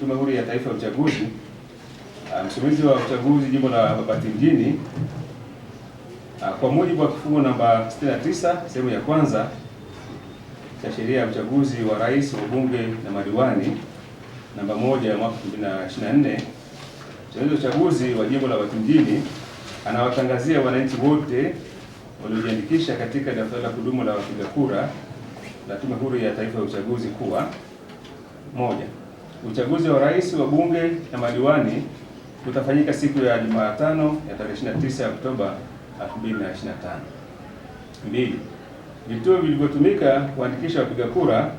Tume Huru ya Taifa ya Uchaguzi, ah, msimamizi wa uchaguzi jimbo la Babati mjini, ah, kwa mujibu wa kifungu namba 69 sehemu ya kwanza cha sheria ya uchaguzi wa rais wa bunge na madiwani namba moja ya mwaka 2024, msimamizi wa uchaguzi wa jimbo la Babati mjini anawatangazia wananchi wote waliojiandikisha katika daftari la kudumu la wapiga kura la Tume Huru ya Taifa ya Uchaguzi kuwa moja Uchaguzi wa rais wa bunge na madiwani utafanyika siku ya Jumatano ya tarehe 29 Oktoba 2025. Mbili, vituo vilivyotumika kuandikisha wapiga kura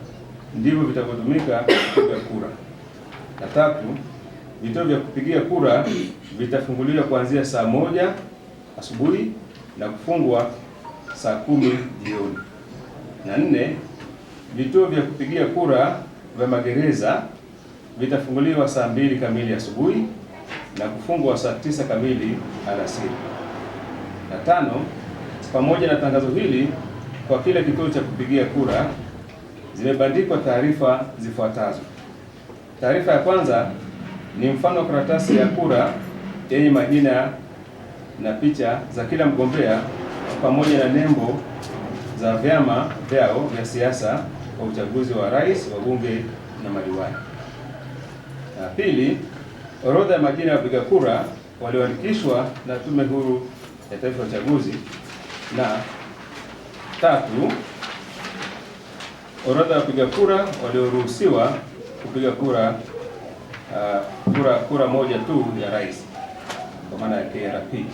ndivyo vitavyotumika kupiga kura. Na tatu, vituo vya kupigia kura vitafunguliwa kuanzia saa moja asubuhi na kufungwa saa kumi jioni. Na nne, vituo vya kupigia kura vya magereza vitafunguliwa saa mbili kamili asubuhi na kufungwa saa tisa kamili alasiri. Na tano, pamoja na tangazo hili kwa kila kituo cha kupigia kura zimebandikwa taarifa zifuatazo. Taarifa ya kwanza ni mfano wa karatasi ya kura yenye majina na picha za kila mgombea pamoja na nembo za vyama vyao vya siasa kwa uchaguzi wa rais, wabunge na madiwani. Na pili, orodha ya majina ya wapiga kura walioandikishwa na Tume Huru ya Taifa ya Uchaguzi. Na tatu, orodha ya wapiga kura walioruhusiwa kupiga kura, uh, kura kura moja tu ya rais kwa maana ya KRP.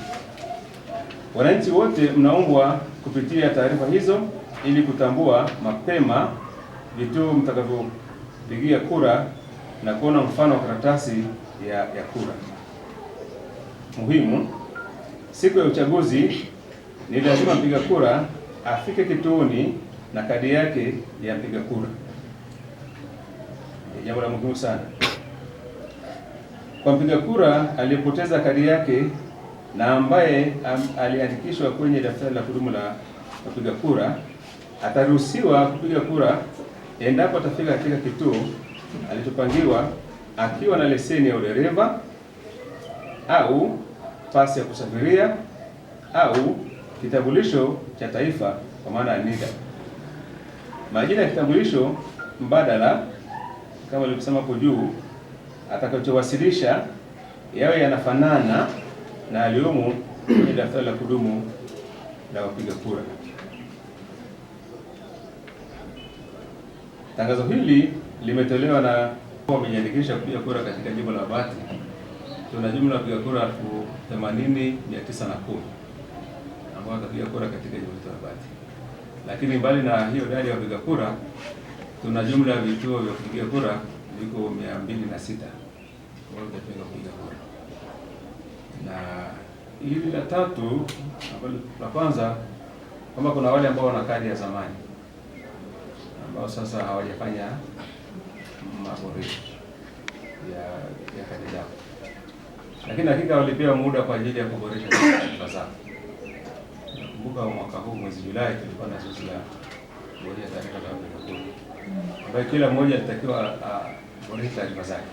Wananchi wote mnaombwa kupitia taarifa hizo ili kutambua mapema vituo mtakavyopigia kura na kuona mfano wa karatasi ya, ya kura. Muhimu, siku ya uchaguzi ni lazima mpiga kura afike kituoni na kadi yake ya mpiga kura, jambo la muhimu sana kwa mpiga kura aliyepoteza kadi yake na ambaye aliandikishwa kwenye daftari la kudumu la wapiga kura ataruhusiwa kupiga kura endapo atafika katika kituo alichopangiwa akiwa na leseni ya udereva au pasi ya kusafiria au kitambulisho cha taifa kwa maana ya NIDA. Majina ya kitambulisho mbadala kama nilivyosema hapo juu, atakachowasilisha yawe yanafanana na aliyomo kwenye daftari la kudumu la wapiga kura. Tangazo hili limetolewa na wamejiandikisha kupiga kura katika jimbo la Babati. Tuna jumla wapiga kura elfu themanini mia tisa na kumi ambao watapiga kura katika jimbo la Babati, lakini mbali na hiyo idadi ya wapiga kura tuna jumla ya vituo vya kupiga kura viko mia mbili na sita ambao vitapinga kupiga kura na hili la tatu la kwanza kwamba kuna wale ambao wana kadi ya zamani ambao sasa hawajafanya maboresho ya ya kadi zao, lakini hakika walipewa muda kwa ajili ya kuboresha taarifa zao. Nakumbuka mwaka huu mwezi Julai tulikuwa na zoezi la kuboresha taarifa za wapiga kura, ambayo kila mmoja alitakiwa aboreshe taarifa zake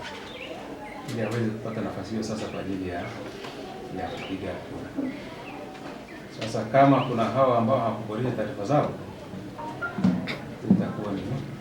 ili aweze kupata nafasi hiyo sasa kwa ajili ya ya kupiga kura. Sasa kama kuna hawa ambao hawakuboresha taarifa zao, itakuwa ni